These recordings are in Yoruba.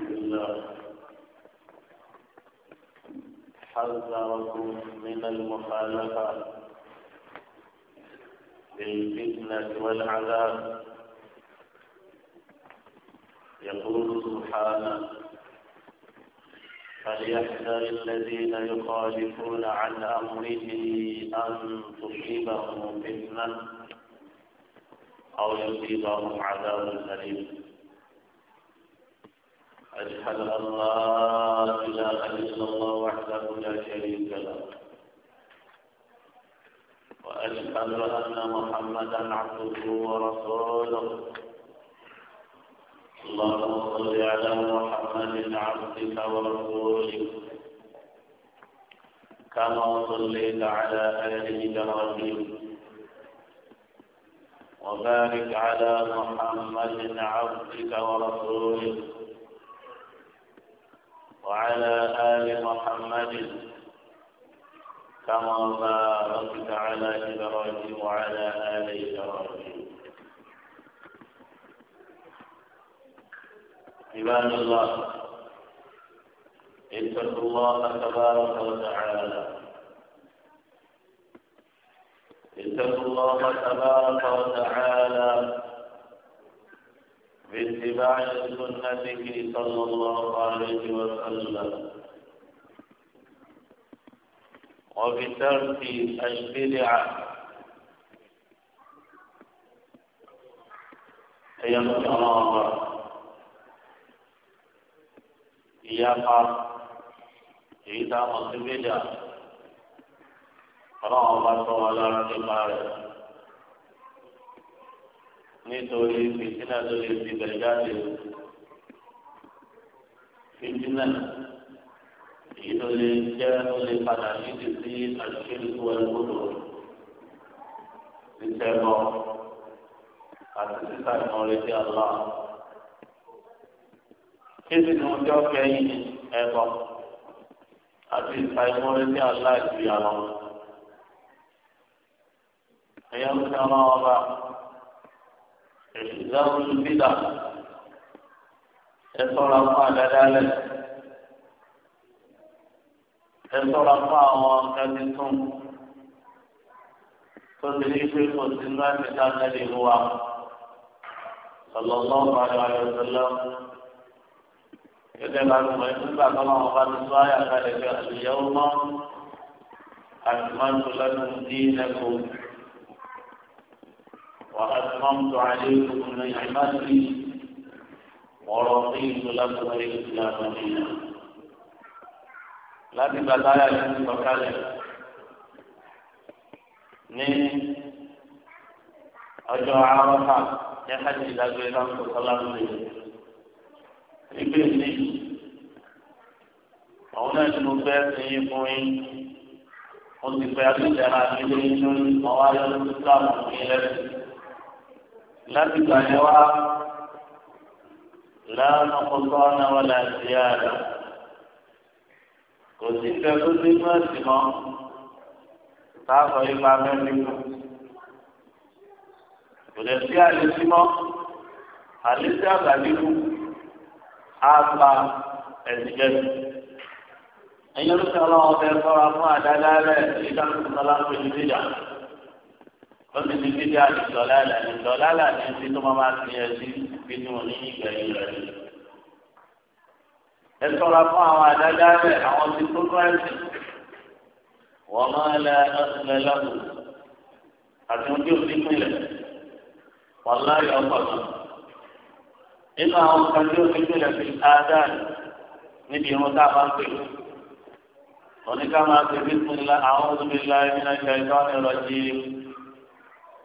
الحمد لله حذركم من المخالفة بالفتنة والعذاب يقول سبحانه فليحذر الذين يخالفون عن أمره أن تصيبهم فتنة أو يصيبهم عذاب أليم أشهد أن لا إله إلا الله وحده لا شريك له وأشهد أن محمدا عبده ورسوله اللهم صل على محمد عبدك ورسولك كما صليت على آل إبراهيم وبارك على محمد عبدك ورسولك وعلى آل محمد كما باركت على إبراهيم وعلى آل إبراهيم عباد الله اتقوا الله تبارك وتعالى اتقوا الله تبارك وتعالى باتباع سنته صلى الله عليه وسلم وبترك البدع هي الكرامة يقع إذا مصبدا رغبة ولا اعتبار nítorí fìtínà ló lè fi bẹ̀rẹ̀ jáde o fìtínà èyí ló lè jẹ́ ló lè padà níbi sí àṣìṣe ẹgbọ́dọ̀ ṣiṣẹ́ lọ àti sísá ìmọ̀lẹ́ sí àlá. kí sì ni wọ́n jọ kẹ́yìn ẹ̀kọ́ àti sísá ìmọ̀lẹ́ sí àlá ìgbìyànjú. ẹ̀yọ́ ń tẹ́ ọ́ náà wọ́n bá ìdáwó bídà ẹ ṣọ́ra fún àdáda lẹ ẹ ṣọ́ra fún àwọn ọkàdé tún tó ti ní pé kò sí ní láti dá lẹ́yìn ìlú wa sọlọ́lọ́ ọ̀bàdàn ayọ̀tẹ̀lẹ́ gẹ́gẹ́ bá lùmọ̀ ẹ̀ nígbà tó máa wọ́n bá ti tó àyàká ẹ̀jẹ̀ àlùyẹ̀wò mọ́ àtìmọ́tò lẹ́nu dín lẹ́kọ̀ọ́. وأتممت عليكم نعمتي ورضيت لكم الإسلام دينا láti gbàgbá ayé àti ìgbàkalẹ̀ ní ọjọ́ àrọ́fà ní hajj ìdágbére náà kò sọ́lá ń lè nígbè ní òun náà ti mo fẹ́ sí yín fún yín mo ti fẹ́ àti ìjẹ́ra mi lé ní ọwọ́ ayélujára mi lẹ́sìn lásìkò àyẹ̀ wá láàánú kọ́kọ́ náà wọ́n là sí àdá kò sí fẹ́ kó sí mọ́ sí mọ́ táàbọ̀ ipa mẹ́rin kù kò lè sí àlè sí mọ́ àlè sí àgbàdì kù á pa ẹ̀sìn jẹ́sìn ẹ̀yin fún àdáda rẹ̀ ìdáhùn sọ̀rọ̀ àpèjì níjà ó ti di bíbí àdìsọ́lálà àdìsọ́lálà ní ti tó máa máa ti ẹsí bí tí mo ní ìgbẹ̀yìn rẹ̀ ni. ẹ sọ̀rọ̀ fún àwọn àdájá rẹ̀ àwọn ti tó kúrẹ́sì wọ́n máa lẹ ẹsẹ̀ lọ́kùn àti ohun tí ó ti pinlẹ̀ wọ́n láyọ̀ ọ̀pọ̀ náà. nínú àwọn kan tí ó ti pinlẹ̀ fi ádáà níbi irun tá a máa ń pè é. oníkàmá ti bí pinlẹ̀ àwọn olùbílà ẹ̀mí náà ṣe ìtọ́ni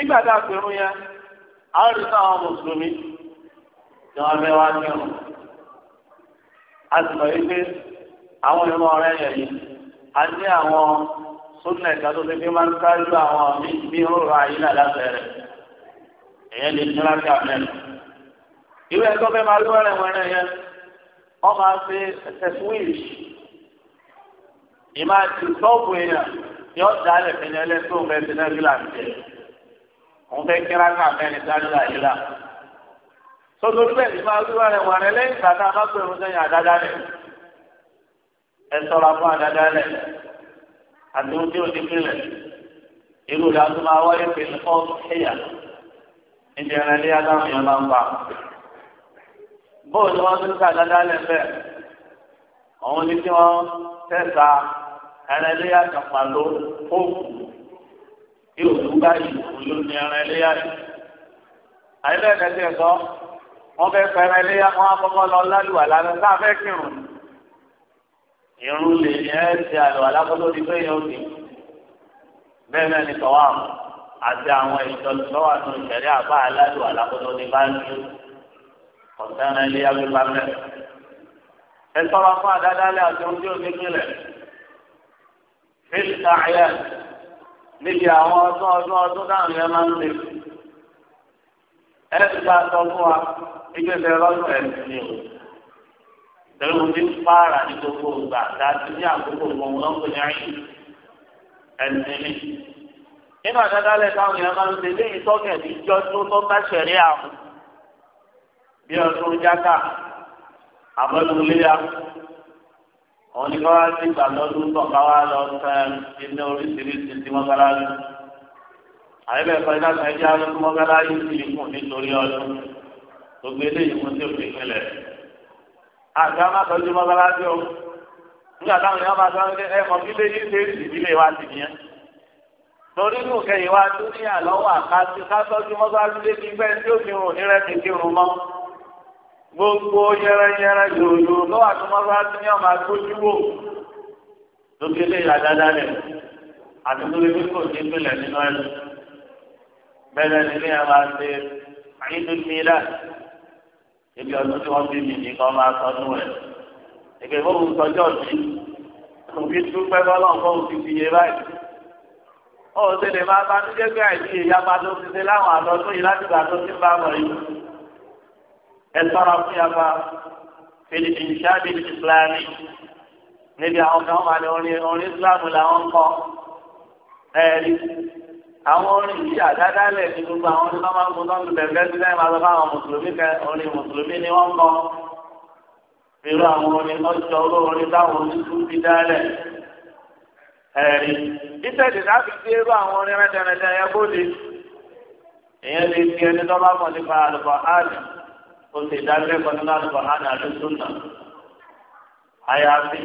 nígbà tá a pèrún yẹn àwọn ìrìnsà àwọn mùsùlùmí ni wọn fẹ́ wá ní ọ̀run a sì mọ̀ wípé àwọn ìrún ọ̀rẹ́ yẹn yìí a ní àwọn súnà ìka tó fi máa ń ṣáájú àwọn mí bí ó rọ ayé náà lábẹ́rẹ́ èyàn lè ní láti àmẹ́nu ìwé ẹ̀kọ́ fẹ́ máa lé wẹ́rẹ́ wẹ́rẹ́ yẹn wọ́n máa fi ẹsẹ̀ swíìlì ìmáa ti sọ́ọ̀bù èèyàn yóò dálẹ̀ fẹ́yìn ẹlẹ́sìn òun bẹ́ẹ̀ ti náà fi làǹtẹ̀ òun fẹ́ kíra ká mẹ́rin sáré láyé la. sọ́dọ̀ tó bẹ́ẹ̀ ni máa wíwá rẹ̀ wà rẹ̀ lẹ́yìn ìgbà tá a bá pè wọ́n sẹ́yìn àdáda rẹ̀. ẹ sọ̀rọ̀ fún àdáda rẹ̀ àti ohun tí ó ti pínlẹ̀. irú ìdá tó máa wáyé pẹ̀lú fọ́ọ̀mù ẹ̀yà níbi ẹran ilé adáhùn yẹn máa ń pa. bóòlù wọn tún ká àdáda rẹ̀ bẹ́ẹ̀ òun ni tí wọ́n tẹ̀ka ẹran ilé àkàpàló fóòmù kí òkú báyìí òun ló ní ẹran ẹlẹ́yà rẹ̀. àyẹ̀lẹ́ ẹ̀dẹ́gbẹ̀ sọ wọ́n fẹ́ fẹ́ràn ẹlẹ́yà wọn akọ́kọ́ lọ lálùwà lálẹ́ sáà fẹ́ kírun. irun lè ní ẹ́ ti àlọ́ alákọ́tọ́ ti fẹ́ yẹn òkè. bẹ́ẹ̀ náà ni tọ́wọ́ àti àwọn ìtọ́lọ́wà tó ń tẹ̀lé àbá alálùwà alákọ́tọ́ ti bá ọ̀sẹ̀rẹ̀ ẹlẹ́yà gbígbá mẹ́. ẹ sọ́ra fún àdádálẹ̀ àti oúnjẹ òní níbi àwọn ọdún ọdún ọdún táwọn yẹn máa ń lè ẹ ti bá sọ fún wa ìgbésẹ̀ lọ́sùn ẹ̀ ti ní o tẹ̀lé mo ti ń pààrà ní gbogbo ìgbà dájú ní àkókò gbogbo wọn kò ní àyè ẹ̀sìn mi. nínú àdádálẹ̀ táwọn yẹn máa ń lè lé ìtọ́kẹ̀ ní ìjọ tó bá ṣẹ̀rí àwọn bí ọdún jáká àbọ̀dún léyà àwọn oníkọ́ wá sí ìgbà lọ́dún tó ká wá lọ sẹ iná oríṣiríṣi tí wọ́n gbára lù àyẹ̀bẹ̀ kọ́ iná kan ẹjẹ́ arúgbó wọ́n gbára lù sí ikùn nítorí ọdún gbogbo eléyìí fún tí òfin ìpínlẹ̀ àti àwọn akọ́jú wọ́n gbára lù nígbà táwọn èèyàn máa sọ ẹ mọ bí léyìí ṣe rí ìdílé wa ti nìyẹn torí nù kẹyìn wa dúníyà lọ́wọ́ àkásí kásọ́jú wọ́n gbára lù lé gbogbo yẹrẹyẹrẹ yòòyò lọ́wọ́ àtúmọ̀fà tí ní ọmọ agbójú wò lókè lè yà rẹ̀ àti tó lè kò ní ìpìlẹ̀ nínú ẹ̀ bẹ́ẹ̀ ni ní ẹ máa ṣe ayélujára ibi ọdún tí wọ́n bí mi ní kọ́ máa sọdún rẹ̀ ìgbè fóun sọjọ́ sí òbí dúpẹ́ bọ́lọ̀ fóun ti fi yé báyìí ó ṣe lè máa bá nígbẹ́gbẹ́ àìsí ìyá máa tó ti ṣe láwọn àtọ́tún yìí láti gbà tó ti bá wọ̀ ẹ̀sọ́ra fún yàrá fìlì ìṣáàbì ìsìlámì níbi àwọn kan wà ní orin orin islam làwọn kọ ẹ̀rí àwọn orin yìí àdádálẹ̀ ní gbogbo àwọn orin náà máa ń gbọ́dọ̀ ní bẹ̀rẹ̀ sí lẹ́yìn máa lọ bá àwọn mùsùlùmí kẹ orin mùsùlùmí ni wọ́n kọ irú àwọn orin ọjọ́ olóorin táwọn oníṣu fi dálẹ̀ ẹ̀rí títẹ̀lẹ̀ láti gbé irú àwọn orin rẹ̀ dẹ̀rẹ̀dẹ̀ ẹ̀yẹ́ bóde ìyẹn lè fi ẹni tó bá mọ̀ nípa àlùkò áàdì ó sì dálẹ́kọ̀ọ́ nínú àlùbọ̀hánà àdúgbò àyàfi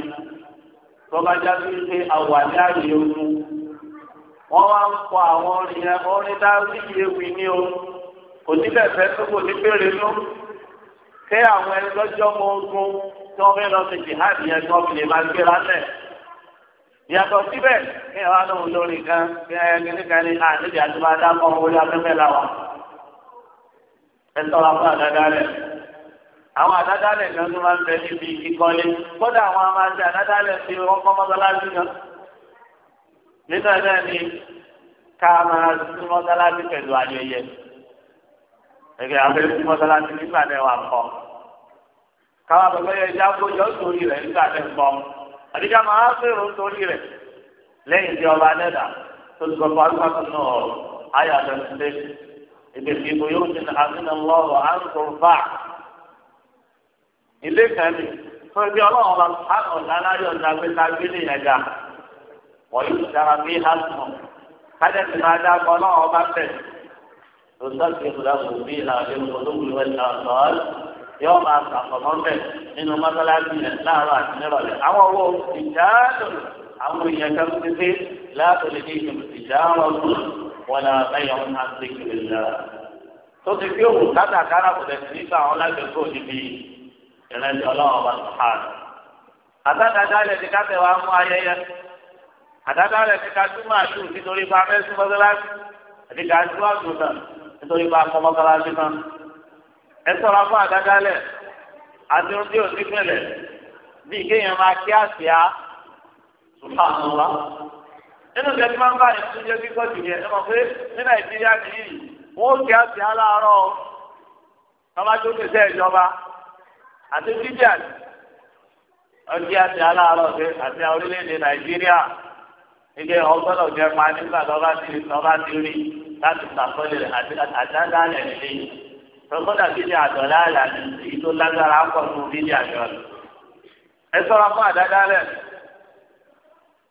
tọ́ba jáde pé àwàdí àyè ogun wọ́n wá ń kọ àwọn orin yẹn orin dárí ewì ní o kò ní bẹ̀fẹ́ tó kò ní péré ló ké àwọn ẹlọ́jọ́ mọ ogun tí wọ́n fẹ́ lọ sí jihad yẹn tí wọ́n fi lè máa gbéra lẹ̀ yàtọ̀ síbẹ̀ kí ẹ wá lóhun lórí kan kí ẹ kíní kan ní àdébí àti máa dá mọ́ afẹ́fẹ́ làwọn ẹ sọ̀rọ̀ fún àdádálẹ̀ àwọn àdádálẹ̀ kan tó máa ń bẹ níbi kíkọ́lé kódà àwọn amáṣe àdádálẹ̀ fi wọ́n kọ́ mọ́sálásí kan nínú ẹ̀ náà ni ká máa sí mọ́sálásí pẹ̀lú ayẹyẹ ẹgbẹ́ abẹ́rẹ́ sí mọ́sálásí nígbà náà wà kọ́ káwọn àgbẹ̀fẹ́ yẹ jágbó yọ sórí rẹ̀ nígbà náà kọ́ àdìgá máa fèrò sórí rẹ̀ lẹ́yìn tí ọba nẹ́dà tó ti gbọ́ fún alùpàtà èdè fi bóyá ti ní àmínà lọ́rọ̀ à ń tó fà. ilé kan ní fún ẹbí ọlọ́run bá sánà ọ̀dánayọ̀ nàgbélágbé ní ẹ̀dá wọ́n yóò dára bí hásùn kájẹ́sì máa dá ọkọ̀ náà ọba bẹ̀. lọ́sọ̀kì ìlànà bí ìlànà olóògùn ìwé ìlànà yóò máa sàkọ̀mọ́ bẹ̀ nínú mọ́sálásí rẹ̀ láàárọ̀ àti nírọ̀lẹ́. àwọn owó ìjáàdùn àwọn èèyàn kan ti dé láàtọ̀ wọ́n abẹ́yọ̀ ń hàn sí kiri la. tó ti fi òwò kátàkárà kò tẹ̀sí nípa àwọn lágbègbè òdìbí ìrẹsì ọlọ́run ọba sùhàn. àtàkàtà ilẹ̀ ti kásẹ̀ wa mú ayẹyẹ. àtàkàtà ilẹ̀ ti kájú máa ṣù nítorí bá fẹ́ sún mọ́sálásí. àti kájú àgùn náà nítorí bá fọ́ mọ́sálásí náà. ẹ sọ̀rọ̀ fún àtàkàtà ilẹ̀ àti ohun tí ò sí pẹ̀lẹ̀ bí kéèyàn máa kí àsíá sùhàn nínú ìgbẹ́jú máa ń bá ìtú jẹ́ kíkọ́ jù yẹn ẹ mọ̀ pé ní nàìjíríà nìyí wọ́n kí á sí aláàárọ̀ tọ́májú pèsè ìjọba àti jíjà wọ́n kí á sí aláàárọ̀ pé àti orílẹ̀-èdè nàìjíríà ike ọgbọ́dọ̀ jẹ́ pa nígbà lọ́ba ti lọ́ba ti rí láti sàkọlẹ̀ àdáńdá rẹ̀ nílé tọ́gbọ́dọ̀ bí ní àdọ̀lá àlàyé èyí tó lágbára pọ̀ fún bí ní àdọ̀lá ẹ sọ́ra fún àdáńdá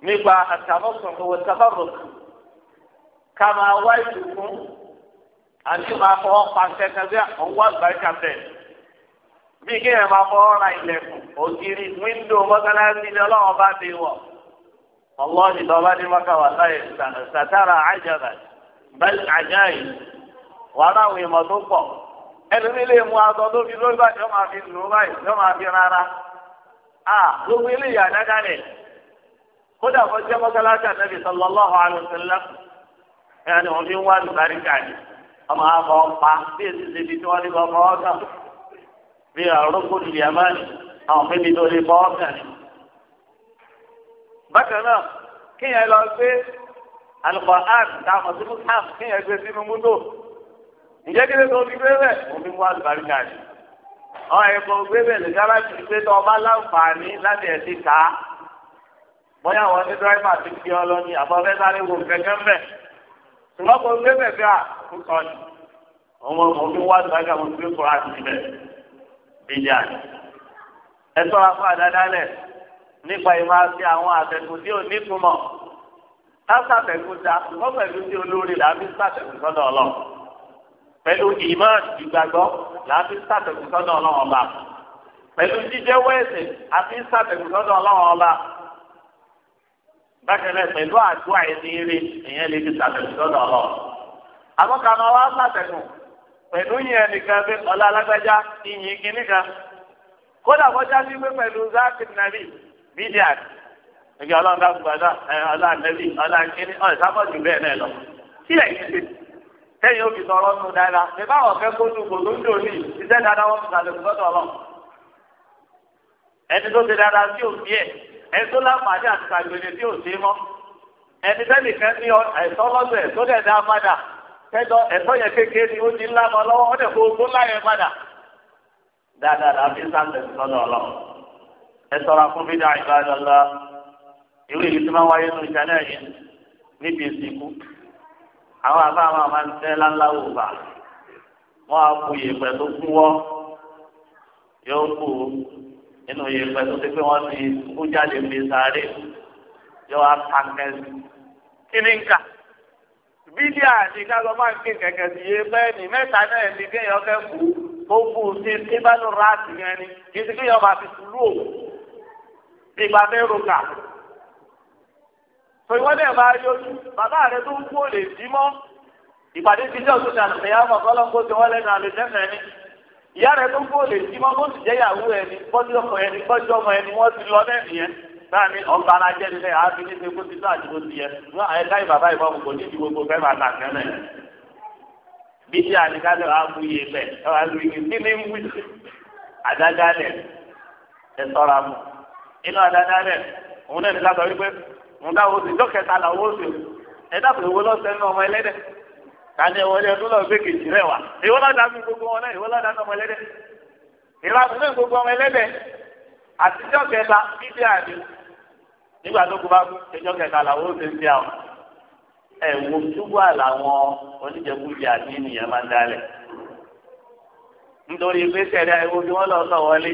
nípa àtàmọ́sọ̀rọ̀ wọ sábàbọ̀ ká máa wá ìlú àti máa fọwọ́ pa kẹ́kẹ́ bí àgbáríkà bẹ̀. bí kéèyàn máa fọwọ́ ra ilẹ̀kùn ògiri wíńdò mọ́sálásí ni ọlọ́run bá ti wọ̀. ọlọ́ọ̀dì lọ́ba ní mọ́kàwá láyé sàtàrà àjàbà bẹ́ẹ̀ àjáyé wàá láwọn ìmọ̀ tó pọ̀ ẹlòmí lè aṣọ lórí báyìí máa fi lù ú báyìí máa fi rárá. à gbogbo kódà kó jẹ́ mọ́sálásí ànábì sallallahu alaihi wasallam ẹ̀yà ni wọ́n fi ń wá àlùbáríkà ni ọmọ àbọ̀ pa bí èsì ṣe bí tí wọ́n lè bọ́ ọmọ ọ̀gá bí àrùkù lè yàmá ni àwọn mímí tó lè bọ́ ọ̀gá ni. bákan náà kíyàn lọ gbé Al-Qur'an táwọn sí mùsàm kíyàn gbé sínú múndò ìjẹ́ kí lè tó fi gbé bẹ́ẹ̀ wọ́n fi ń wá àlùbáríkà ni. ọ̀ ẹ̀kọ́ gbé bẹ́ẹ̀ lè bóyá àwọn ní dírẹ́fà ti fi ọ lọ ní àbọ̀fẹ́ sáré wo kẹ̀kẹ́ mbẹ̀ ṣùgbọ́n kò gbé bẹ̀fẹ́ à kó sọ ni ọmọ òbí wá sàgà mo gbé kóra sí ibẹ̀ bíjà ni ẹ sọ́ra fún àdádálẹ̀ nípa ìmọ̀ àti àwọn àtẹ̀kù tí ò ní túmọ̀ lásàtẹ̀kù tí a kò pẹ̀lú tí olórí làbí sàtẹ̀kù sọ́dọ̀ ọlọ́run pẹ̀lú ìmọ̀ ìgbàgbọ́ làbí sàtẹ̀kù sọ́dọ̀ ọlọ́run ọba pẹ̀lú jíjẹ́wọ́ ẹ̀sìn àti sàtẹ̀kù sọ́dọ̀ ọlọ́run ọba. bákan náà pẹ̀lú àdúrà ẹni eré lè fi sàtẹ̀sí lọ́dọ̀ ọ̀rọ̀. àbọ̀kà máa wá sàtẹ̀kù pẹ̀lú yẹn nìkan bí ọlá alágbájá iyì kínní kan kódà kọjá sí pé pẹ̀lú záàkì nàbì bídíàt ìgbà ọlọ́run bá gbàdá nàbì kínní bẹ́ẹ̀ náà lọ. sílẹ̀ òbí nù ẹtọ́ láǹfààní àti kàgbélé tí ò sí mọ́ ẹni tẹ́lẹ̀ kan ní ẹ̀tọ́ lọ́dọ̀ ẹ̀tọ́ dẹ̀ dá padà tẹ́jọ ẹ̀tọ́ yẹn kékeré ni ó ti ńlá mọ́ lọ́wọ́ ó dẹ̀ fo ogún láyẹn padà dáadáa la fi sáńtẹ̀ sọ́dọ̀ ọ̀lọ́ ẹ sọ̀rọ̀ fún bídà ìbádọ́lá ìwé ìlú tí wọ́n wáyé nínú ìṣẹ̀lẹ̀ yìí níbi ìsìnkú àwọn àbá àwọn àmà ń tẹ́ láńláwò bá wọ́n á kú yìí pẹ̀lú fún wọ́ yóò kú nínú yìí pẹ̀lú pé wọ́n ti kú jáde fi sáré yọ apákẹ́ kíníkà bídíà àti kálọ́ máa ń gbé kẹ̀kẹ́ sí yé bẹ́ẹ̀ ni mẹ́ta náà ní kéèyàn fẹ́ kú tó kú sí kíbálò ráàtì yẹn ni kì í sì kéèyàn máa fi sùúrù òwò ìgbà mẹ́rù kà pé wọ́n dẹ̀ máa yọjú bàbá rẹ tó ń kú ò lè dí mọ́ ìpàdé ti jẹ́ òtún ní àlùfẹ́yà mọ̀ kọ́lọ́ ń ti wọ́n lẹ́nu àlùfẹ́fẹ́ ìyá rẹ̀ tó ń kó lè jí mọ́ kó sì jẹ́ ìyàwó ẹni bọ́jú ọkọ ẹni bọ́jú ọmọ ẹni wọ́n ti lọ bẹ́ẹ̀ nìyẹn báyà ní ọba alájẹ́ nílẹ̀ àáfi ní ṣe kó ti tó àti kó ti yẹ wọ́n àyẹ káyì bàbá ìbọn ní ju gbogbo fẹ́ máa tàkẹ́ mẹ́. bí ti àdìgálẹ̀ wà mú iye bẹ̀ ẹ̀wà lùyìn kí ni mú àdàgálẹ̀ ẹ̀ sọ́ra mu inú àdàgálẹ̀ òun náà ní ká sọ wípé òun dáwọ́ sí jọ́kẹ́ta làwọ́ sí ẹ̀dá kálí wọlé ọdún lọ gbé kejì rẹ wá ìwọ lọdà mi gbogbo wọn náà ìwọ lọdà mi ọmọ ẹlẹ́dẹ̀ ìwọ lọdà mi gbogbo ọmọ ẹlẹ́dẹ̀ àtijọ́ kẹta bíbí àdé nígbà tó kú bá kú ẹjọ́ kẹta làwọn ó ti ń bí àwọn túbú àlàwọn àti ènìyàn máa nítorí rẹ lọ sọ wọlé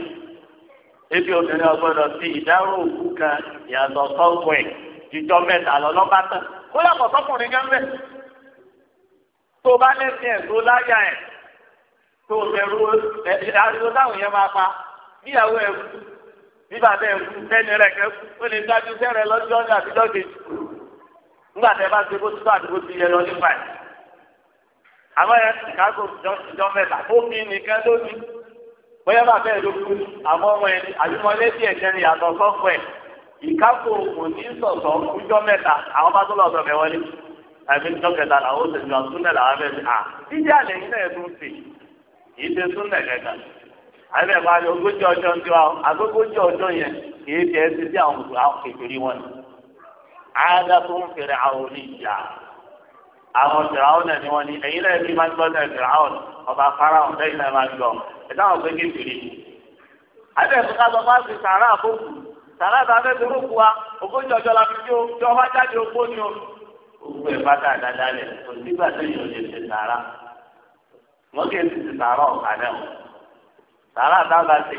ebi obìnrin sí òkú kan ìyàtọ̀ sọ́kùn tó bá lẹ́sìn ẹ̀ tó láyà ẹ̀ tó ẹ̀rù ariwo táwọn yẹn máa pa níyàwó ẹ̀ kú bí bàbá ẹ̀ kú ẹni rẹ̀ kẹ́ kú ó lè dájú sẹ́rẹ̀ lọ́jọ́ ní àtijọ́ kejì nígbà tẹ́ bá ṣe bó ti bá àdúgbò ti yẹ lọ nípa ẹ̀. àmọ́ ẹ chicago jọ mẹ́ta ó fi nìkan lónìí bóyá bàbá ẹ̀ ló kú àmọ́ ọmọ ẹ̀ àyùmọ̀lé sí ẹ̀jẹ̀ ni yàtọ̀ sọ́kọ̀ ẹ̀ ìkápò kò ní sọ̀tọ̀ kújọ́ mẹ́ta àwọn bá tó lọ́ọ̀ àbí dọ́kẹ̀tà làwọn oṣù tó súnlẹ̀ làwọn abẹ́ mi à jíjẹ́ àlẹ́ yìí náà ẹ̀dùn sí kì í ṣe súnlẹ̀ kẹ̀kẹ́ àbí ẹ̀fọ́ àti ogójì ọjọ́ ń tiwa àgógójì ọjọ́ yẹn kì í ṣe ẹsẹ̀ sí àwọn kékeré wọn ni. àádá tó ń fèrè àwọn oníjà àwọn fìràwọn náà ni wọn ni ẹ̀yin náà fi máa ń gbọ́ náà fìràwọn ọba faraon lẹ́yìn náà máa ń gbọ́ ẹ̀dá àwọn pé kékeré ni. àbí ẹ̀fọ́ ká sọ fáṣí sàrà àkókò sàrà àtàwọn ẹgbẹ́ tó rúkú ọjọ́ la fi jó tí wọ́n bá jáde o gbogbo ẹ̀ pátá dáadáa lẹ̀ kò sígbà tó yẹ oye ṣe sàrà wọ́n kì í ti ti sàrà ọ̀kà náà sàrà àtàwọn àti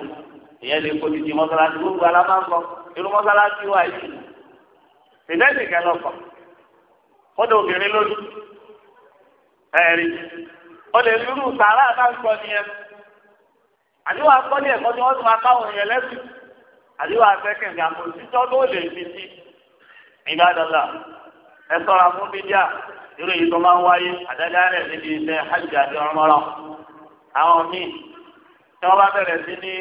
ìyẹn lè kó títí mọ́sálásí gbogbo alábàánkọ irú mọ́sálásí wà yìí ìdẹ́sì kódà obìnrin ẹ̀rí lè nìyẹn àdéhùn akọ́lé ẹ̀kọ́ ni wọ́n máa káwọn èèyàn lẹ́sìn àdéhùn ẹ sọ̀rọ̀ fún bídíà irú yìí tó máa ń wáyé àdájá rẹ̀ níbi iṣẹ́ hajj àti ọmọràn àwọn míì tí wọ́n bá bẹ̀rẹ̀ sí ní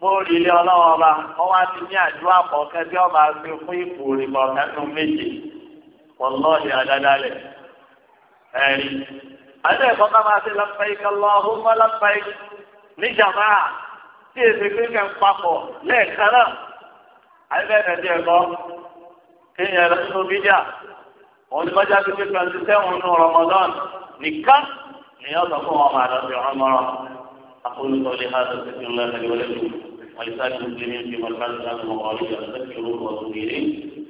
bóòlì ilé ọba wá ti ní àdúrà kọ̀ọ̀kẹ́ tí wọ́n bá fi fún ipò ìbọn mẹ́tún méje wọ́lọ́ọ̀dì àdájá rẹ̀ ẹ̀rí. àti ẹ̀kọ́ ká máa ṣe lọ́pẹ́yìká lọ́hùnmọ́ lọ́pẹ́yìká níjàmbá tí èsì kíkẹ́ ń papọ̀ lẹ́ẹ̀kan náà àti òun ni mọ́jà ti fi twenty seven nù Ramadan nìkan èèyàn sọ fún ọmọ àlọ́ أقول قولي هذا استغفر الله لي ولكم ولسائر المسلمين في مركز هذا المغارب استغفروه واتوب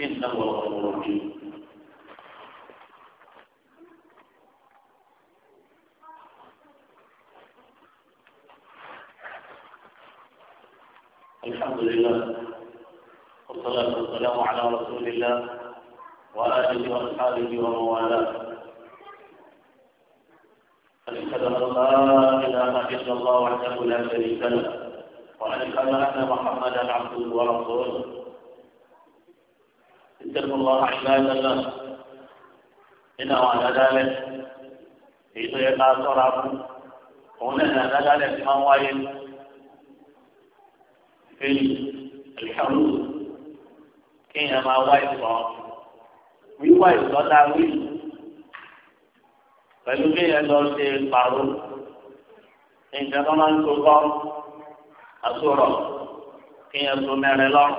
إنه هو الغفور الرحيم الحمد لله والصلاة والسلام على رسول الله وآله وأصحابه وموالاه والاه أشهد أن لا إله إلا الله وحده لا شريك له وأشهد أن محمدا عبده ورسوله اتقوا الله عباد الله إنه على ذلك في طريقة صرف هنا ذلك ما وين في الحروب كينما وين wíwá ìlọ́dà wíì pẹ̀lú bí ẹ lọ ṣe pàrọ̀ nǹkan tó máa ń tó kọ́ àtúrọ̀ kí ẹ tó mẹ́rin lọ́rùn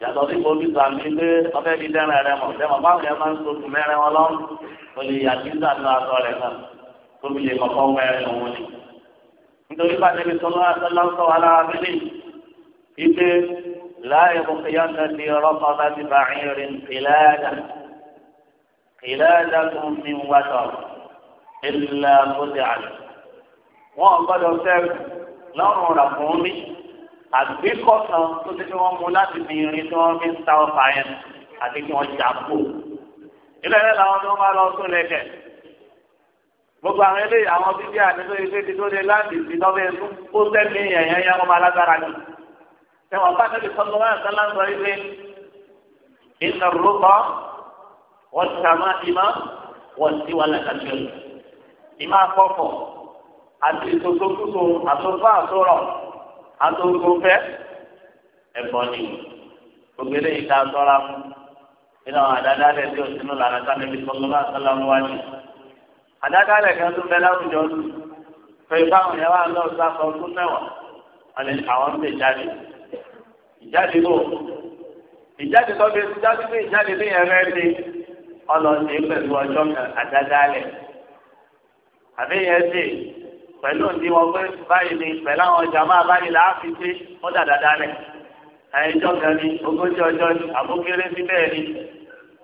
yàtọ̀ sí kòbí sàmì pé ọbẹ̀ bíi dẹ́rẹ̀ rẹ mọ̀ dẹ́mọ̀ báwọn yẹn máa ń tó tù mẹ́rin wọn lọ́rùn o lè yàtí sàmì àtọ̀ rẹ̀ náà tóbi lè kọ́kọ́ mẹ́rin òun ni nítorí pàtẹ́bí sọlọ́ àtọ́lá ń sọ wàhálà abẹ́lé yìí pé. لا يبقين في رقبة بعير قلادة قلادة من وتر إلا مدعا wọ́n gbọ́dọ̀ sẹ́ẹ̀ lọ́rùn ràkúnmí àgbékọ̀ kan tó ti fi wọ́n mú láti fi irin tí wọ́n fi ń ta ọkà yẹn àti kí wọ́n jà kú. ilé rẹ̀ làwọn tó máa lọ sún lẹ́kẹ̀. gbogbo àwọn eléyìí àwọn bíbí àti tó yẹ kí tó lé láti fi lọ́bẹ̀ẹ́ tó sẹ́ẹ̀ ní ẹ̀yẹ́ yẹn wọ́n máa lágbára jù sẹ́wọ̀n bá níbi sọ́dún wáyà sálá ń sọ yìí pé iná rúkọ wọ́n ti sàmá ìmọ̀ wọ́n ti wà lẹ́kàtúwẹ̀ ìmọ̀ akọ́kọ̀ àti ìtòsókúso àtòfó àtòrọ̀ àtòsófẹ́ ẹ̀bọ̀n ni gbogbo eléyìí ká sọ́ra fún nínú àwọn àdáda rẹ̀ tí òsínú làrá sálẹ̀ bí sọ́dún wáyà sálá ń wá ní. àdáda rẹ̀ kan tún bẹ láwùjọ pé báwọn yẹn wà lọ́ọ̀ sọ ọdún mẹ́wàá àwọn ń tè jáde ìjáde bò ìjáde tó fi jáde pé ìjáde tó yẹn fẹ́ẹ́ ṣe ọlọ́ọ̀ṣẹ́ pẹ̀lú ọjọ́ kan àdádálẹ̀ àbí yẹn ṣe pẹ̀lú ní wọn pé báyìí ni pẹ̀lú àwọn ọjà máa báyìí là á fi ṣe ó dàdádálẹ̀ ẹ̀ẹ́dọ́ kan ní ogójì ọjọ́ ní àbókéré sí bẹ́ẹ̀ ni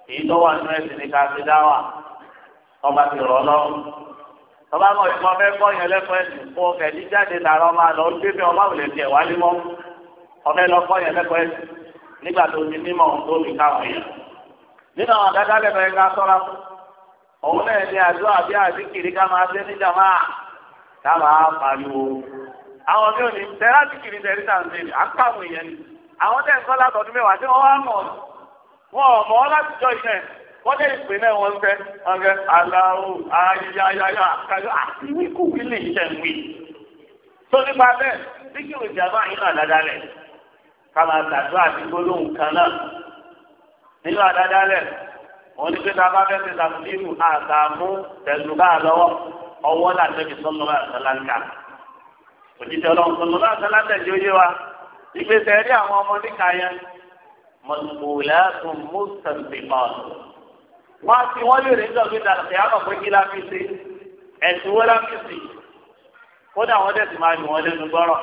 èyí tó wà nínú ẹ̀sìn ní ká fi dá wà ọba ti rọ̀ lọ́wọ́ ọba mọ̀ ìfọ̀fẹ́ kọ́ yẹn lẹ́kọ̀ọ́ ẹ̀sìn fún ọkẹ́ ní jáde tààrà ọmọ àlọ́ ó gbé bẹ́ẹ̀ ọba ò lè tiẹ̀ wálé mọ́ ọ̀fẹ́ lọ kọ́ yẹn lẹ́kọ̀ọ́ ẹ̀sìn nígbà tó ti mímọ̀ ohun tó fi káwọn yẹn. nínú àwọn dáadáa lẹ́kọ̀ọ́ yẹn ká sọ́ra òun náà ní àjọ àbí àzíkiri ká máa ṣe níjà máa ká máa pariwo. àwọn mi ò ní tẹ́lá zikiri tẹ̀lé tàǹdé ni à ń pàwọn èèyàn ni. àwọn tẹ̀ ń kọ́ látọ̀dún mẹ́wàá tí wọ́n wá mọ̀ wọn ò mọ̀ ọ́ láti jọ ìṣẹ̀ wọ́n lè pè náà wọ́n fẹ́ wọ́n fẹ́ aláwo ayayayaya kájọ àtiwíkúwí lè ṣẹ̀ wí. tó nípa bẹ́ẹ̀ bí kí òjàmbá yín náà dáadáa lẹ̀ kama tàdó àti gbólóhùn kan náà nínú àdájá lẹ wọn ní pé tá a bá fẹsẹ tàbílù àtàmú tẹsùn bá a lọ́wọ́ ọwọ́ náà tẹbi sọlọ bá àtàlánkà òjijì Ọlọ́run sọlọ bá àtàlánkà jẹ oyé wa ìgbésẹ̀ rí àwọn ọmọ níka yẹn mọlùmọlá tó mùsùlùmí ọdún wọn á fi wọn lè rí nígbà gbé àwọn pé kí láfi sí ẹsùn wọn kódà wọn dẹsùn máa yìn wọn lẹ́nu gbọrọ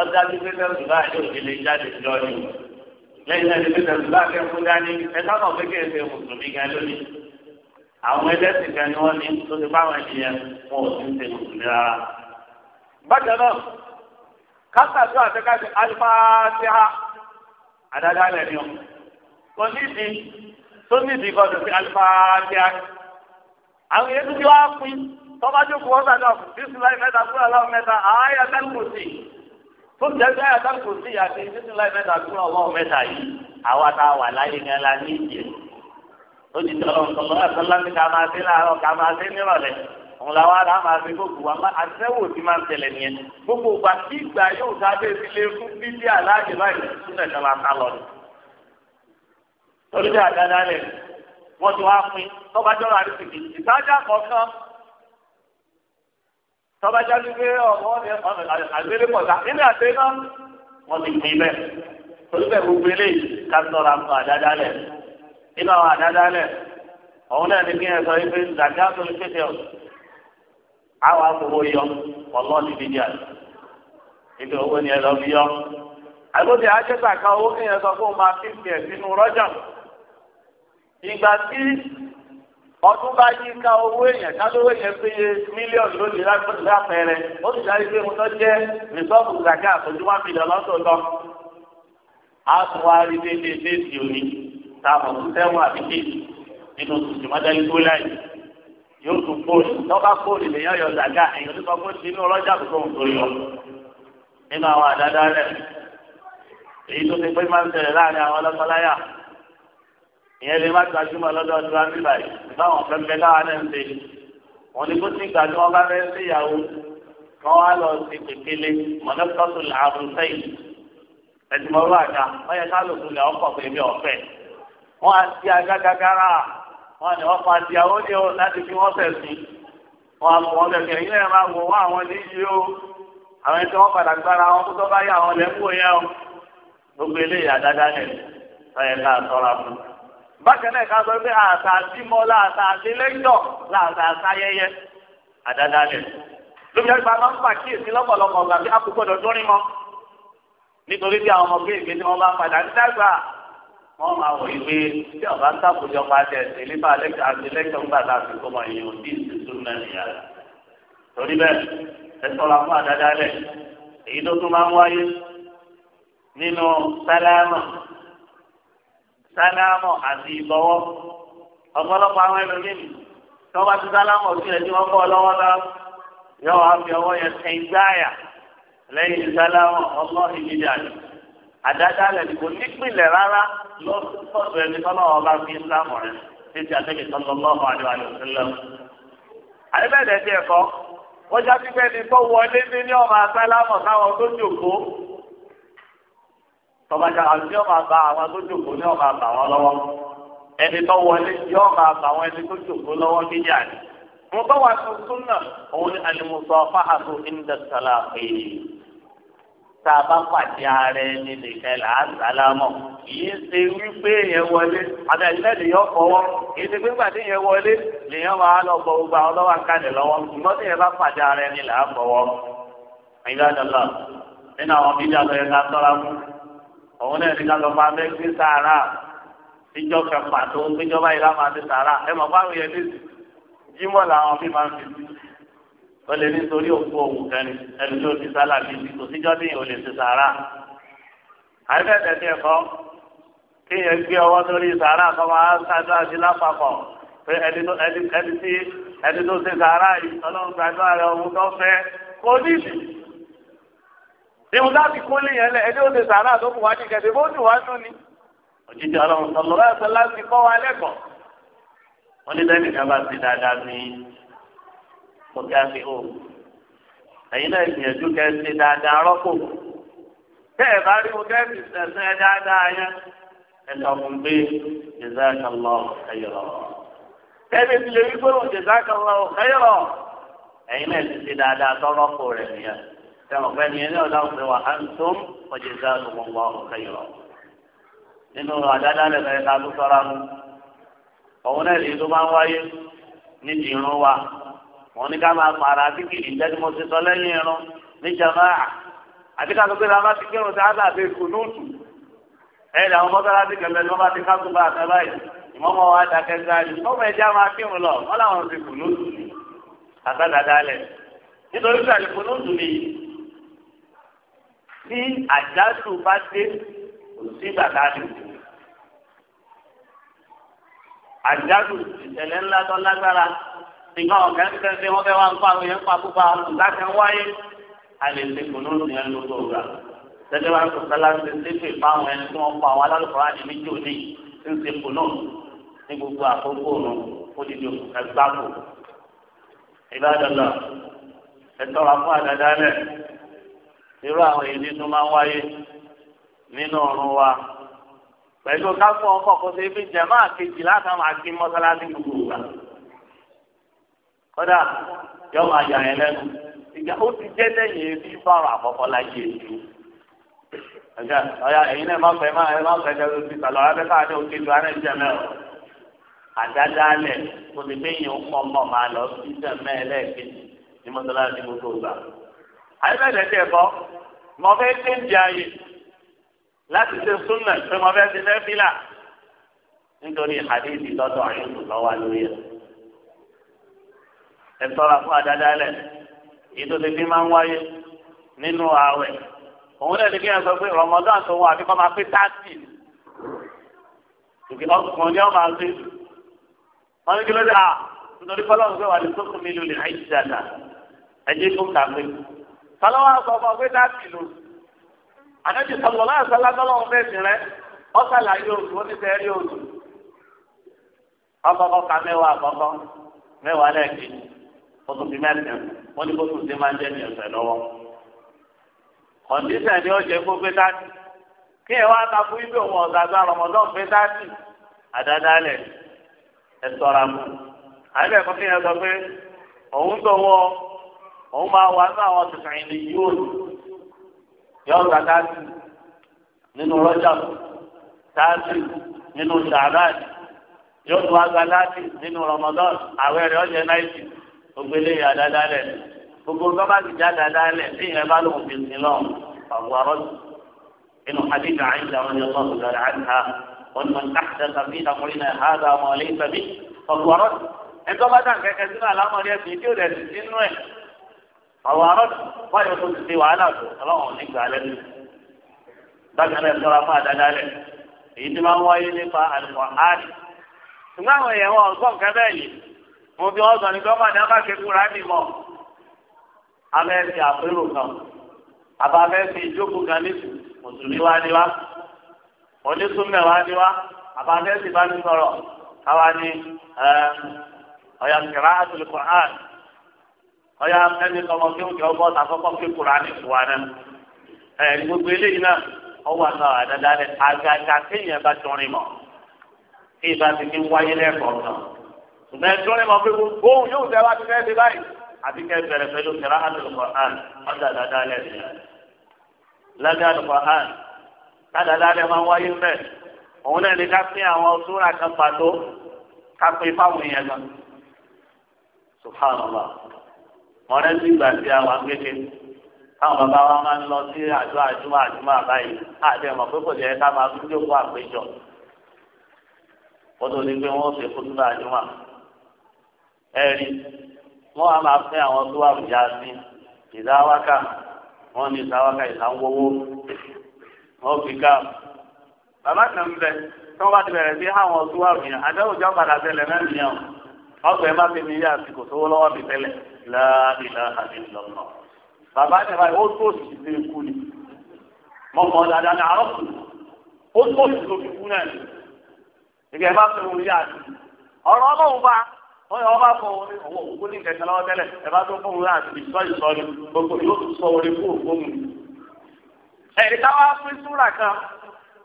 ọjà tí pé sẹ́ńtù bá yóò fi lè jáde lọ ni o lẹ́yìn náà ti pé sẹ́ńtù bá fẹ́ fún dání ẹ̀ka náà pé kéè ṣe mùsùlùmí gan lónìí àwọn ẹlẹ́sìn kan ni wọ́n ní tó ti bá wọn jìyàn wọn ò sí ṣe mùsùlùmí rárá. bákan náà káta tó àtẹ́káṣe alifáṣíà àdáda lẹ́ni o kò nídìí tó nídìí kọ́ tó fi alifáṣíà àwọn yẹn tó ti wá pín tọ́bájú kò wọ́n sàdọ̀ bísí láì mẹ́ta kúrò aláwọ̀ mẹ́ta àáyá tẹ́lifù sí i tó ti ẹgbẹ́ àtàkùn sí àti títúláì mẹ́ta tún ọlọ́run mẹ́ta yìí àwa tá a wà láyé gan la ní ìjẹ ó ti tọrọ ntọ́lọ́ ẹ̀sọ́lá ní ká máa fi láàárọ̀ ká máa fi nírọ̀lẹ́ òun làwa àdá máa fi gbogbo wa má àtẹ́wò ti máa ń tẹ̀lẹ̀ nìyẹn gbogbo ìgbà tí ìgbà yóò sábẹ́ sílé fún bíbí aláàjẹ báyìí tún ẹ̀sán ni. torí bí àdáda rẹ̀ wọ́n ti wá pín tọ́bajọ́ra tọ́ba jáde pé ọmọ àgbélé pọ̀ta nínú àti iná wọ́n ti gbin bẹ́ẹ̀ olùbẹ̀ gbogbo eléyìí ká sọ̀rọ̀ àwọn àdáda lẹ̀ nínú àwọn àdáda lẹ̀ òun náà ní kí ẹ sọ pé zàgá tó ń pèsè ọ̀ àwọn akówó yọ ọlọ́ ní bíjà ibi owó ni ẹ lọ fi yọ àgbóde àjẹsà kan owó kí ẹ sọ fún un máa fi tiẹ̀ sínú rọ́jà ìgbà tí ọdún bá yí ká owó èèyàn kálówó yẹn péye mílíọ̀nù lónìí lápẹẹrẹ ó sì dárí pé mo tọ́ jẹ́ rìsọ́ọ̀bù zaka àtọ́jú wá mílíọ̀nù lọ́sọ̀ lọ. a tún wá rí déédéé déètì òní táwọn ọ̀sùn tẹ́wọ̀n àbíké nínú ìjùmọ̀dáyé tó láì yóò tún kóòlì lọ́ba kóòlì lèyàn yọ zaka èèyàn tó sọ pé inú ọlọ́jà tó tó ń torí ọ nínú àwọn àdáda rẹ̀ èyí tó ti pé máa ń tẹ̀lé láàrin àwọn ọlọ́mọláyà ìyẹn lè má gbajúmọ̀ lọ́dọ̀ tiwa nígbà yìí báwọn fẹ́ bẹ láwa náà ń ṣe wọn ni kó sì gbà tí wọn bá fẹ́ sí ìyàwó kí wọn lọ sí pèpele mọ̀lẹ́kọ́tù làárù sẹ́yìn ẹ̀sìn mọ́rọ́ àga wọ́n yẹ ká lòkùn lẹ̀ ọkọ̀ pé mi ọ̀fẹ́ wọn á ti aga gagara wọn ni ọkọ̀ àti ìyàwó ni ó láti fi wọ́n fẹ̀ wọn àmọ̀ wọn bẹ̀ kẹ̀yìn lẹ́yìn máa wò wọ́n àwọn níyì o àwọn ẹni tí wọ́n padà gbára wọn kó tó bá yà wọn lẹ́kùn yẹn o gbogbo eléyìí àdáda nìyẹn wọ́n ká tọ́ra fún un bákan náà ká sọ pé àṣà àtìmọ́ láàṣà àtìlẹ́yọ̀ láàṣà àtayẹyẹ àdáadáa lẹ̀. lóbi àgbà máa ń pàkíyèsí lọ́pọ̀lọpọ̀ ọ̀gá bí akókòdọ̀ dúnrín mọ́ nítorí bí àwọn ọmọ bíi ìgbésí wọn bá padà ń dàgbà wọn máa wọ ìwé tí ọba ń tàkùjọ pa tẹ ìlípa lẹ́kọ̀ọ́ àti lẹ́kọ̀ọ́ ńgbà tá a fi kọ́ mọ èèyàn bí ìsìnkú náà nìyà rẹ̀. torí bẹ́ẹ̀ ẹ sọ̀rọ̀ àwọn àdáadáa lẹ̀ èyí tó tún máa ń wáyé nínú sálámà sálámọ̀ àti ìbọ̀wọ́ ọ̀pọ̀lọpọ̀ àwọn ẹlòmíì tí wọ́n bá ti sálámọ̀ sí ẹni wọ́n bọ̀ lọ́wọ́ lọ yọ wá fi ọwọ́ yẹn tẹ igbáyà lẹ́yìn sálámọ̀ ọmọ ìdílé àjò àdáda rẹ̀ kò nípìnlẹ̀ rárá lọ́sọ̀tọ̀ ẹni tọ́lọ́ ọba fi sálámọ̀ rẹ̀ títí àtẹ́kẹ̀ tọ́lọ́lọ́ọ̀ àdìwálé òṣèlú tọ́bajà àti yóò máa bá àwọn tó jòkó ní ọba àbà wọn lọ́wọ́ ẹni tó wọlé yóò máa bá àwọn ẹni tó jòkó lọ́wọ́ níjà ni. mo bá wa tó tún náà òun ni alimusa fáhàtó indasala èyí tá a bá pàdé ara ẹni nìkan là á sálámọ kìí ṣe wípé yẹn wọlé àtàlẹ́ lèyàn fọwọ́ kìí ṣe pé pàdé yẹn wọlé lèyàn máa lọ bọ gbogbo àwọn lọ́wọ́ àkàlẹ̀ lọ́wọ́ ṣùgbọ́n tí yẹn bá pàdé ara ẹni là á fọwọ́. ayélujára nínú àwọn bíbí àtọ̀yẹ̀ká tọ́ra fún òun náà ní ká lọ máa mẹ́gbé sàárà ìjọ kẹfà tó ń gbéjọba yìí láwọn àti sàárà ẹ mọ̀ fáwọn yẹn ní jímọ̀ làwọn fi máa ń fi sí ó lè nítorí òkú òun kẹrin ẹni tó ti sálà bí i kò síjọ́ ní ìhòòlè ti sàárà àìbẹ̀tẹ̀ tí ẹ̀kọ́ kí yẹn gbé ọwọ́ sórí sàárà kọ́ máa ṣáájú àti lápapọ̀ pé ẹni tó ẹni tí ẹni tó ṣe sàárà yìí ọlọ́run gbàdúrà rẹ̀ òun tó fẹ́ kó níbi ìwọ láti kún lè yẹn lẹ ẹni ó ti sàrà tó kù wá ní kẹsì bó dùn wá dùn ni. òjijì ọlọ́run sọlọ bá ẹsẹ láti kọ́ wa lẹ́kọ̀ọ́. wọn ní lẹ́nu ìjọba ti dáadáa sí kò kí a fi hó. ẹ̀yin náà ìgbìyànjú kẹsì dáadáa rọ́pò. bẹ́ẹ̀ bá rí mo kẹsì ẹsẹ dáadáa yẹn ẹsẹ fún bí jẹzákàlọ ẹyọrọ. kẹsì ti lè rí gbọ́dọ̀ jẹzákàlọ ẹyọrọ. ẹ̀yin náà ti ti dáadáa tọ́ rọ́pò rẹ̀ nìyẹn sẹ́wọ̀n pẹ́ ni ẹlẹ́wọ̀n láwọn pé wà á ń tó ọjà ìjà ọmọọmọ ọ̀kẹ́ yọ̀ nínú àdáda lẹ́ka ẹ̀ka tó sọ́ra mu òun náà lè tó máa ń wáyé níbi irun wa wọn ní ká máa pààrà kíkìlì jẹ́ ni mo ti sọ lẹ́yìn irun ní jamaa àti ká tó pé ra bá ti kírun tí a bá fi kú lóòtù ẹ̀ ẹ̀ làwọn mọ́tàlá ti kẹ̀lẹ́ ni wọ́n bá ti ká tó bá àtàlá yìí ìmọ̀mọ́ wa ọmọ ẹ̀jẹ̀ máa nítorí pé àlùkò lóòtù nìyí tí àjálù bá dé kò sí bàtà lè wò àjálù ìṣẹ̀lẹ̀ ńlá tó lágbára ìgbà ọ̀gá ń tẹ́ ṣe wọ́n fẹ́ wá ń pa àwọn èèyàn pa púpà láti wáyé àlè ṣe kùnú ní ẹnu gbogbo rà gẹ́gẹ́ bá ń sọ sálá ṣe ṣépè fáwọn ẹni tí wọ́n pa àwọn alálùkọ́ láti méjì òní ń ṣe kùnú ní gbogbo àkókò òun ó di di ẹgbàá kù ìbádọ́lọ́ ẹ̀tọ́ wa fún àdáda rẹ̀ irú àwọn èyí tó máa ń wáyé nínú ọ̀run wa pẹ̀lú káfọ́ ọkọ̀ kó ṣe fi jẹ̀mọ́ àkejì látàwọn àti mọ́sálásí gbogbo ìgbà kódà yọ máa yà ẹ lẹ́nu ìgbà ó ti jẹ́ lẹ́yìn ebi báwọn àkọ́kọ́ láyé ètò ẹ̀jẹ̀ ọ̀yà ẹ̀yin náà máa fẹ́ máa ẹ máa fẹ́ jẹ́ lórí ìtàlọ́ ẹ fẹ́ káàdé òkè ju ara ìjẹ́ mẹ́rọ àdádálẹ̀ kò ní bẹ́yìn ó pọ̀ mọ́ máa lọ sí ìjẹ́ mẹ́ẹ̀lẹ́ẹ̀kejì ní mọ́sálásí gbogbo ìgbà àyẹ̀bẹ̀rẹ̀ tẹ̀ kọ́ mọ fẹ́ ṣe ń di ààyè láti ṣe súnà pé mọ fẹ́ ṣe fẹ́ fílà nítorí àdéhìí lọ́dọ̀ àyẹ̀kù lọ́wọ́ lórí ẹ̀. ẹ tọ́ra fún adádálẹ̀ ìdòdè bí máa ń wáyé nínú ààwẹ̀ òun náà ní kí ẹ sọ pé Ramadan tó wọn àti kọ́ máa pé táàtì ọkùnrin ni wọ́n máa pé wọ́n ní kí ló dé à nítorí fọlọ́run pé wà ní sókùnmí lulẹ̀ àìsíjà náà ẹ jẹ́ kó kà pé. sálọ́wọ́ àgbà ọmọ ọgbẹ́ dáàbì lò àdébí sọlọ láì sálá lọ́wọ́ bẹ́ẹ̀ sì yóò yóò ka mẹ́wàá àkọ́kọ́ mẹ́wàá lẹ́ẹ̀kì oṣù fi wọ́n ní máa ń jẹ́ ní ọ̀sẹ̀ lọ́wọ́ ni ó jẹ́ kó gbé kí ẹ wá ta fún ibi òun gbé àyẹ̀bẹ̀ òun máa wà nínú àwọn tuntun ìlú yóò yọ gbàgbà sí nínú rọjà sáájú nínú sàràdì yóò tún wá gba láti nínú Ramadan àwẹ̀ rẹ̀ ọjọ́ náìtì gbogbo eléyìí àdáadáa lẹ gbogbo nǹkan bá ti já dáadáa lẹ bí ìyẹn bá lòun fi sin lọ ọgbà rọjò inú hadith Aisha wọn ni Ọlọ́run ti lọrọ àdìhà wọn ni wọn káàkiri tàbí ìdàkùnrin náà ha dà wọn lé tàbí ọgbà rọjò ẹjọ́ ọ̀rọ̀ àrọ́dà báyọ̀ tó ti ṣe wàhálà tó ọlọ́run nígbà lẹ́nu. bákan náà sọ́ra fún àdáda rẹ̀ èyí tí máa ń wáyé nípa àlùkò áàdì. ṣùgbọ́n àwọn èèyàn wọn ọ̀gbọ́n kẹ́bẹ́ yìí mo fi wọ́n sọ ní gọ́mọ̀dé abákẹ́kù rání mọ́. abẹ́ẹ̀sì àpérò kan abáfẹ́sì ìjókòó kan ní mùsùlùmí wá ní wá onísùnmẹ̀ wá ní wá abáfẹ́sì bá ní sọ̀rọ̀ káwá ní ọ̀yà kìrá àtúlùkọ̀ ọ̀yà ẹni kọ́mọ kí ó jẹ́ ọgbọ́ ọ̀tà kọ́kọ́ kí Kùránì fún wa náà ẹ̀ gbogbo eléyìí náà ọwọ́ àná àdáda rẹ̀ àgàgà kéèyàn bá tọrin mọ̀ kí ìbá ti fi wáyé lẹ́ẹ̀kọ̀ọ́ kan ṣùgbọ́n ẹ̀ tọrin mọ̀ pé gbogbo òun yóò tẹ́ wá ti fẹ́ẹ́ ti báyìí àti kẹ́ bẹ̀rẹ̀ pẹ̀lú kẹ́rà àdùnkọ̀hán ọ̀dà dáadáa lẹ́sìn. lábẹ́ àdùnkọ̀hán dáadáa lẹ́ máa wáyé mẹ́ òun náà lè ká pín àwọn súra kan pàtó ká pín fáwọn èèyàn gan. subhanallah mọ̀rẹ́ sí ìgbà tí a wà ń gbéṣe káwọn bàbá wa máa ń lọ sí àjọ àjùmọ̀ àjùmọ̀ àbáyé àti ẹ̀mọ̀ pé kò jẹ́ ká máa tún jókòó àpéjọ ni pé wọ́n fi kótó bá àjùmọ̀ ẹ̀rí wọ́n á máa fẹ́ àwọn tó wà bùjá sí ìdáwákà wọ́n ní ìdáwákà wọ́n fi ká bàbá kan bẹ tí wọ́n bá ti bẹ̀rẹ̀ sí àwọn tó wà bùjá padà mẹ́rin yẹn láàbìlà àdìlọ́mọ. bàbá ní báyìí ó tó sì ṣe é kú ni mọ̀mọ́ dáadáa ní àárọ̀ kù ó tó sì tó fi kú náà ni. ìgbà bá fẹ́ wọn yá àti ọ̀rọ̀ ọlọ́run bá wọ́n yọ ọba fún òun owó òkú ní kẹ̀kẹ́ lọ́wọ́ tẹ́lẹ̀ ẹ bá tó fún òun láti ìsọ ìsọni gbogbo yóò tún sọ orí fún òun. ẹ̀rí táwa pín súrà kan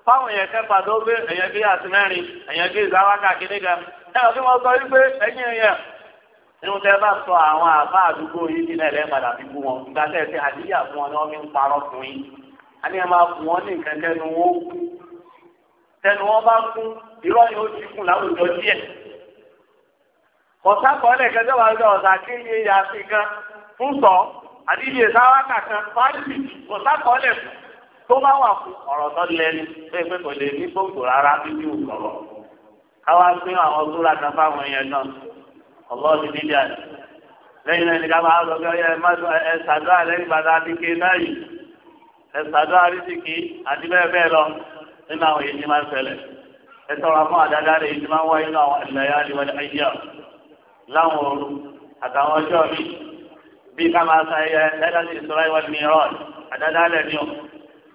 fáwọn èèyàn kẹfà tó gbé èèyàn bíi àtìmẹ́rin èèyàn bíi ìzáwá káàkiri gan. ẹ ò fi sọ wípé ẹ̀yin èèyàn nínú tẹ́ bá sọ àwọn àbá àdúgbò yìí nílẹ̀ lẹ́ padà fi bú wọn ìgbà tẹ́ ṣe àdíyà fún wọn ni wọ́n fi ń parọ́ fún yín a ní ẹ máa fún wọn ní nǹkan tẹnu wọn kú tẹnu wọn bá kú irọ́ ni ó ti kún láwùjọ díẹ̀ ọ̀sá kọ́lẹ̀ kẹjọ́ wa lọ ọ̀sá kí iye ya sí kan fún sọ àti iye sáwá kankan fáìlì ọ̀sá kọ́lẹ̀ tó bá wà fún ọ̀rọ̀ tó lẹ́nu pé pé kò lè ní gbòǹgbò rárá bí yóò sọ̀rọ̀ káwá gbé ọlọ́ọ̀dì nídìí àná lẹ́yìn náà nìkan máa lọ bẹ́ẹ̀ ẹ ṣàdúrà lẹ́yìn bàtà àdìgẹ náà yìí ẹ ṣàdúrà àdìsìkì àti bẹ́ẹ̀ bẹ́ẹ̀ lọ nínú àwọn èyí tí máa ń ṣẹlẹ̀ ẹ tọrọ fún àdáda rẹ̀ èyí tí máa ń wáyé nínú àwọn ẹ̀lẹ́yà àdìwọ̀n ayíyá láwọn òru àtàwọn ọjọ́ mi bí ká máa sa ẹyẹ lẹ́dàdì ìṣúra ìwọ̀n mìíràn àdáda rẹ̀ ni ó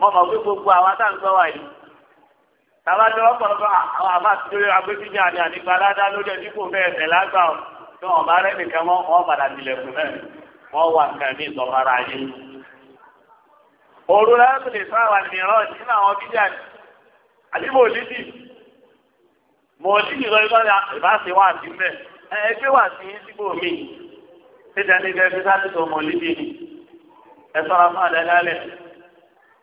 mọ̀ mọ̀ pé gbogbo àwọn àtàǹgbọ̀ wáyé tàbá tẹ tí wọn bá rẹ nìkan mọ wọn padà tilẹ̀kùn náà wọn wà nǹkan bí ìsọfara yìí. òrùlé ẹ̀sìnlẹ̀ sáwà mìíràn nínú àwọn bíjà àti mòlídì mòlídì lọ ibà ìbáṣe wà sí mẹ ẹgbẹ́ wà sí síbò mi títẹ ní gẹ́gẹ́ sáàtì tó mòlídì ni ẹ sọra fún àdádálẹ̀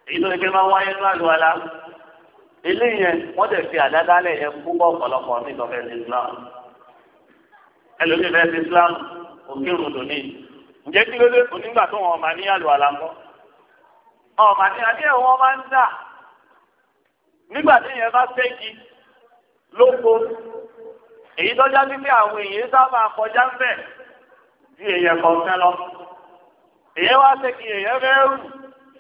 èyí tó ní pé máa ń wáyé nínú àlùwàlá ilé yẹn wọ́n tẹ̀ fi àdádálẹ̀ yẹn púpọ̀ ọ̀pọ̀lọpọ̀ nítorí ẹ̀sìn náà ẹlòmíì fẹ́ẹ́ fi islam òkè ròdò ní. ǹjẹ́ kí ló dé onígbà tó wọn ọmọ aníyàlò àlàmọ́ ọmọ aníyàlò wọn máa ń dà nígbà tí yẹn bá fẹ́ẹ́kì lóko èyí tọ́já ní pé àwọn èèyàn sábà kọjá ń bẹ̀ ju èèyàn kọ̀ọ̀kan lọ èèyàn wá fẹ́ẹ́kì èèyàn fẹ́ẹ́ rù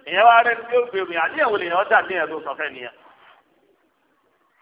èèyàn wá rẹ́ni tí ó gbèrò àníyàwó lèèyàn dà ní ẹ̀rọ sọ̀fẹ́ nìyẹn.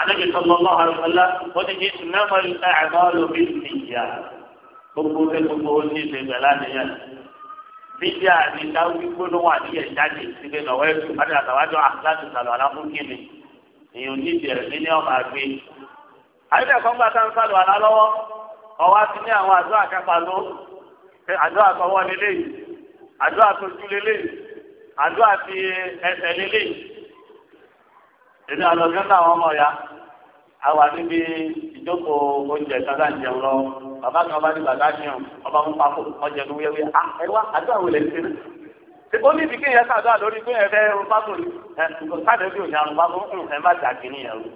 ànábì sọlọ́lọ́ àrùbọ́lá ó ní kí nàmọ́ àgbáwọ̀lù bí nìyà gbogbo ní gbogbo ó ní ìṣẹ̀lẹ̀ pẹ̀lú àníyàn. bíjà ní dáwí gbóná wà ní ẹ̀jáde sílẹ̀ lọ́wọ́ ẹ̀sùn bá dàgbà wájú àkàtà sàlọ̀ aláfúnkìnì èèyàn ní ìbẹ̀rẹ̀ ní ní ọmọ àgbẹ̀. àyẹ̀dẹ̀ kan gbà tá ń sàlọ̀ àlá lọ́wọ́ ọwọ́ ti ní àwọn àdúrà kápá ló àdúrà tọwọ́ àwa níbi ìjókòó oúnjẹ kátà ń jẹun lọ bàbá kan bá ní bàbá jẹun ọba mú papò ọjẹ ní wíwíwí à ẹ wá àdó àwọn ilẹ̀ ìṣẹ́lẹ̀ ó ní ìdíkẹ́ yẹn sàdó àlórí pé ẹ fẹ́ rún papò ẹ káàdé bí òní àrùn papò ẹ má jà kínní yẹn rú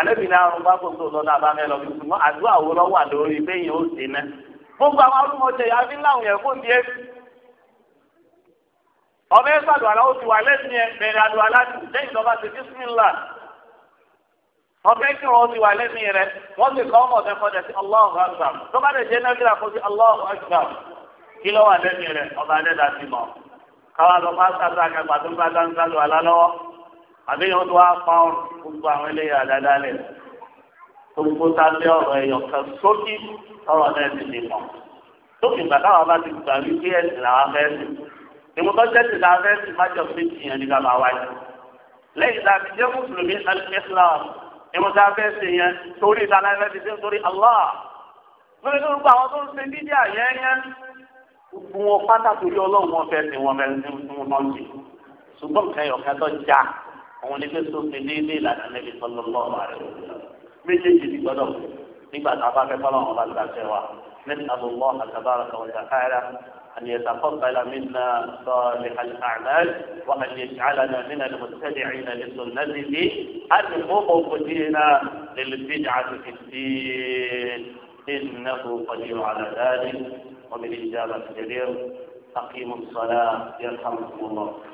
alẹ́bí ní àrùn papò tó lọ náà bá mẹ́ lọ fún un àdó àwọn lọ́wọ́ àlórí pé yẹn ó sì ná gbogbo àwọn arúgbọ́jẹ yà á fi láwọn yẹn fún díẹ̀ ọmọ ẹ sàdó àlọ́ ọ̀fẹ́ kí wọ́n ti wà lẹ́mí rẹ̀ wọ́n ti kọ́ ọmọ ọ̀fẹ́ fọ́jà sí Allahu Akbar tó bá lè jẹ́ náírà fún sí Allahu Akbar kí ló wà lẹ́mí rẹ̀ ọba ẹ̀dá ti mọ̀ káwa lọ bá sábà kẹgbà tó bá dáńgá lọ alálọ́wọ́ àbí yóò tó wá pa gbogbo àwọn eléyà dáadáa lẹ̀ gbogbo sábẹ́ ọ̀rọ̀ ẹ̀yọ̀ kan sókè ọ̀rọ̀ náà ti di mọ̀ lẹ́yìn tá jẹ́ mùsùlùmí alẹ́ islam ìmọ̀ta fẹ́ ṣe yẹn torí ìtàlá ẹ̀fẹ́ ti ṣe torí Allah lórí tó ń gba àwọn tó ń ṣe dídí àyẹ́ yẹn gbogbo wọn pátákó yọ ọlọ́run wọn fẹ́ ṣe wọn fẹ́ ṣe wọn náà ṣe ṣùgbọ́n nǹkan ẹ̀yọ̀ kẹtọ́ já àwọn ilé tó ṣe déédéé ìlànà Nabi sallallahu alaihi wasallam méjèèjì ti gbọ́dọ̀ nígbà tá a bá fẹ́ fọ́lọ́run bá gbà أن يتقبل منا صالح الأعمال وأن يجعلنا من المتبعين لسنته المخبتين للبدعة في الدين إنه قدير على ذلك ومن إجابة كبير أقيموا الصلاة يرحمكم الله